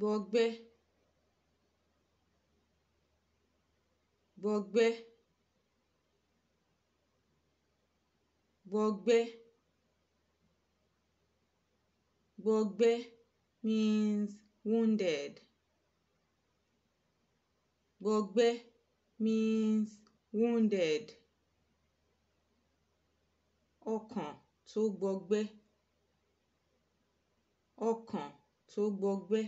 bọgbẹ́ bọgbẹ́ bọgbẹ́ bọgbẹ́ means wounded bọgbẹ́ means wounded ọkàn tó gbọgbẹ́ ọkàn tó gbọgbẹ́